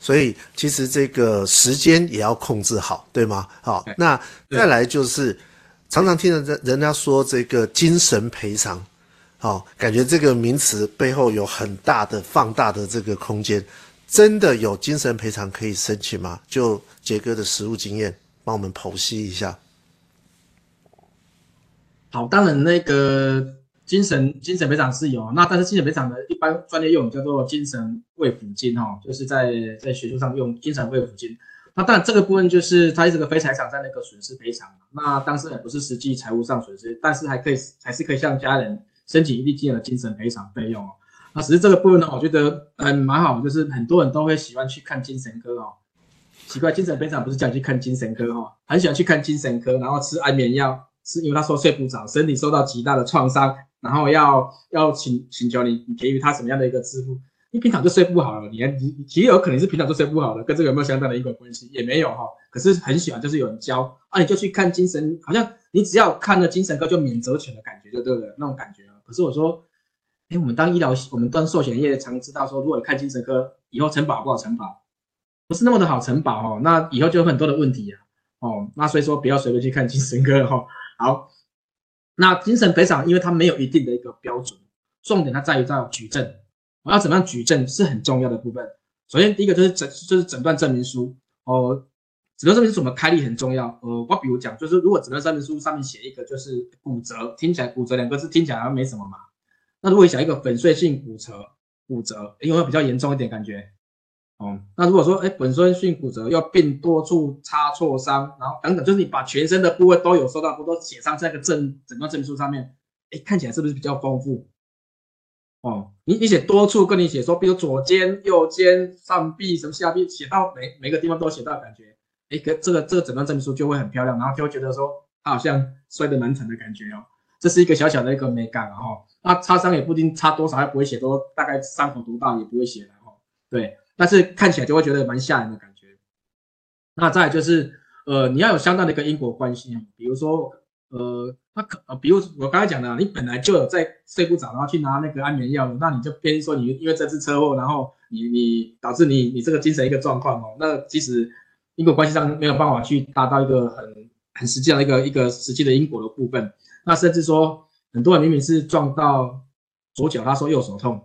所以其實這個時間也要控制好，對嗎？好 Okay,、哦，那再來就是，常常聽人人家說這個精神賠償，好、哦，感覺這個名詞背後有很大的放大的這個空間。真的有精神賠償可以申請嗎？就杰哥的實務經驗幫我們剖析一下。好，當然那個。精神精神賠償是有，那但是精神賠償呢，一般專業用語，叫做精神慰撫金哦，就是在在學術上用精神慰撫金。那當然這個部分就是，它是個非財產在那個損失賠償，那當時也不是實際財務上損失，但是還可以還是可以向家人申請一定金額精神賠償費用哦。那實際這個部分呢，我覺得很嗯蠻好，就是很多人都會喜歡去看精神科哦，奇怪，精神賠償不是叫你去看精神科哦，很喜歡去看精神科，然後吃安眠藥。是因為他說睡不着，身體受到極大的創傷，然後要要請請求你，你給予他什麼樣的一個支付？你平常就睡不好了，你還其其實有可能是平常就睡不好了，跟這個有沒有相當的因果關係也沒有哈，哦。可是很喜歡就是有人教啊，你就去看精神，好像你只要看了精神科就免責權的感覺，對不對？那種感覺啊。可是我說，哎，我們當醫療，我們當壽險業常，常知道說，如果你看精神科，以後承保不好承保，不是那麼的好承保哦。那以後就有很多的問題啊。哦，那所以說不要隨便去看精神科哈。哦好，那精神賠償，因為它沒有一定的一個標準，重點它在於到舉證，我要怎麼樣舉證是很重要的部分。首先，第一個就是診，就是診斷證明書。哦、呃，診斷證明書怎麼開立很重要。呃，我比如講，就是如果診斷證明書上面寫一個就是骨折，聽起來骨折兩個字聽起來好像沒什麼嘛。那如果你想一個粉碎性骨折，骨折，因為會比較嚴重一點感覺。哦，那如果說，哎，本身髕骨折要並多處擦挫傷，然後等等，就是你把全身的部位都有受到，都都寫上在那個診診斷證明書上面，哎，看起來是不是比較豐富？哦，你你寫多處，跟你寫說，比如左肩、右肩、上臂什麼下臂，寫到每每個地方都寫到，感覺，哎，可這個這個診斷證明書就會很漂亮，然後就會覺得說他好像摔得蠻慘的感覺哦。這是一個小小的一個美感，哦，然後那擦傷也不一定擦多少，也不會寫多，大概傷口多大也不會寫的，哦，哈，對。但是看起來就會覺得蠻嚇人的感覺。那再來就是，呃，你要有相當的一個因果關係，比如說，呃，他可，比如我剛才講的，你本來就有在睡不着，然後去拿那個安眠藥，那你就偏說你因為這次車禍，然後你你導致你你這個精神一個狀況哦，那其實因果關係上沒有辦法去達到一個很很實際的一個一個實際的因果的部分，那甚至說很多人明明是撞到左腳，他說右手痛。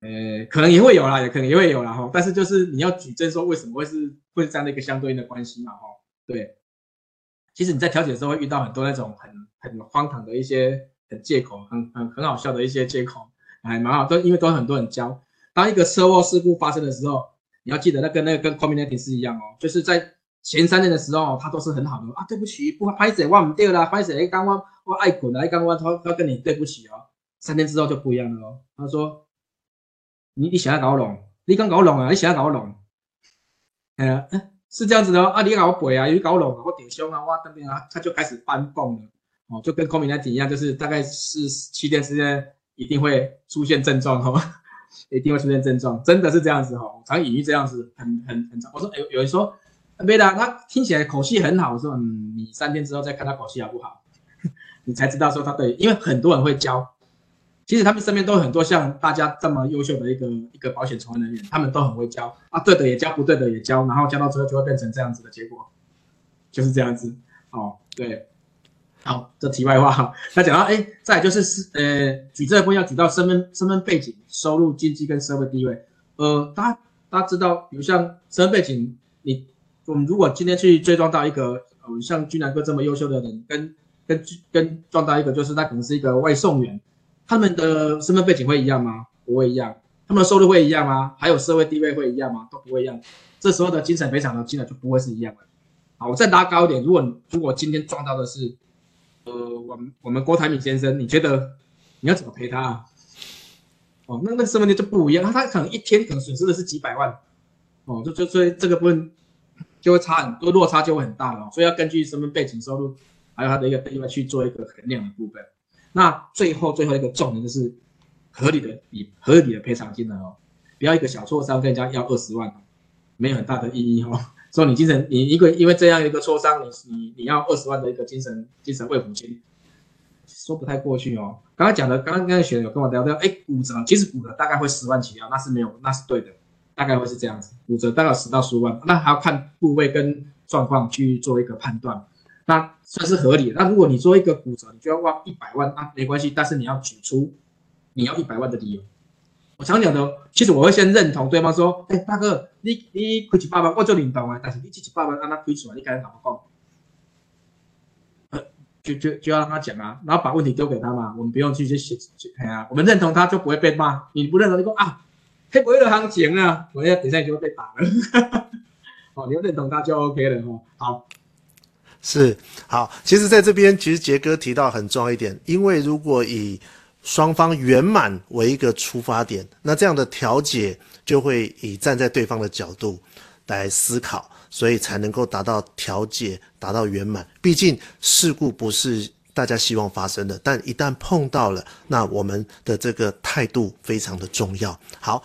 呃，可能也會有啦，也可能也會有啦哈、哦。但是就是你要舉證說為什麼會是會是這樣的一個相對應的關係嘛、啊、哈、哦。對，其實你在調解的時候會遇到很多那種很很荒唐的一些很借口，很很很好笑的一些借口，還蠻好都因為都很多人教。當一個車禍事故發生的時候，你要記得那跟那個跟 community 是一樣哦，就是在前三天的時候、哦、他都是很好的、哦、啊，對不起，不好意思，忘不掉啦拍好意剛彎彎愛滾，愛剛彎，他他跟你對不起哦，三天之後就不一樣了哦，他說。你你想要搞聾？你剛搞聾啊？你想要搞聾？哎、嗯、是這樣子的哦。啊，你搞鬼啊，你搞聾啊，我點兇啊，我等等啊，他就開始翻供了。哦，就跟空明那題一樣，就是大概是七天時間一定會出現症狀哈，一定會出現症狀、哦，真的是這樣子哦，我常隱為這樣子，很很很長。我說，有、欸、有人說，貝、欸、達他聽起來口氣很好。我說，嗯，你三天之後再看他口氣好不好，你才知道說他對，因為很多人會教。其實他們身邊都有很多像大家這麼優秀的一個一個保險從業人員，他們都很會教啊，對的也教，不對的也教，然後教到最後就會變成這樣子的結果，就是這樣子。哦，對，好，這題外話。哈，那講到哎，再來就是是呃，舉這個要舉到身份身份背景、收入、經濟跟社會地位。呃，大家大家知道，比如像身份背景，你我們如果今天去追撞到一個呃像俊南哥這麼優秀的人，跟跟跟撞到一個就是他可能是一個外送員。他們的身份背景會一樣嗎？不會一樣。他們的收入會一樣嗎？還有社會地位會一樣嗎？都不會一樣。這時候的精神賠償呢，金額就不會是一樣的。好，我再拉高一點，如果如果今天撞到的是，呃，我們我們郭台銘先生，你覺得你要怎麼賠他啊？哦，那那個身份就不一樣，他他可能一天可能損失的是幾百萬，哦，就就所以這個部分就會差很多，落差就會很大了。所以要根據身份背景、收入，還有他的一個地位去做一個衡量的部分。那最後最後一個重點就是合理的以合理的賠償金額哦，不要一個小挫傷跟人家要二十萬，沒有很大的意義哦。說你精神你一個因為這樣一個挫傷，你你你要二十萬的一個精神精神慰撫金，說不太過去哦。剛剛講的剛剛剛剛學友有跟我聊到，哎、欸，骨折其實骨折大概會十萬起跳，那是沒有那是對的，大概會是這樣子，骨折大概十到十五萬，那還要看部位跟狀況去做一個判斷。那算是合理。那如果你做一個骨折，你就要花一百萬，啊，沒關係。但是你要舉出你要一百萬的理由。我常講的，其實我會先認同對方說：“哎、欸，大哥，你你虧幾百萬，我就領導啊。」但是你幾百萬讓他虧損，你該怎麼講、呃？”就就就要讓他講啊，然後把問題丟給他嘛。我們不用去去寫，哎呀、啊，我們認同他就不會被罵。你不認同就說啊，他不會的行情啊，我要等一下就會被打了。好、 哦，你要認同他就 OK 了哦。好。是，好，其實在這邊，其實杰哥提到很重要一點，因為如果以雙方圓滿為一個出發點，那這樣的調解就會以站在對方的角度來思考，所以才能夠達到調解，達到圓滿。畢竟事故不是大家希望發生的，但一旦碰到了，那我們的這個態度非常的重要。好。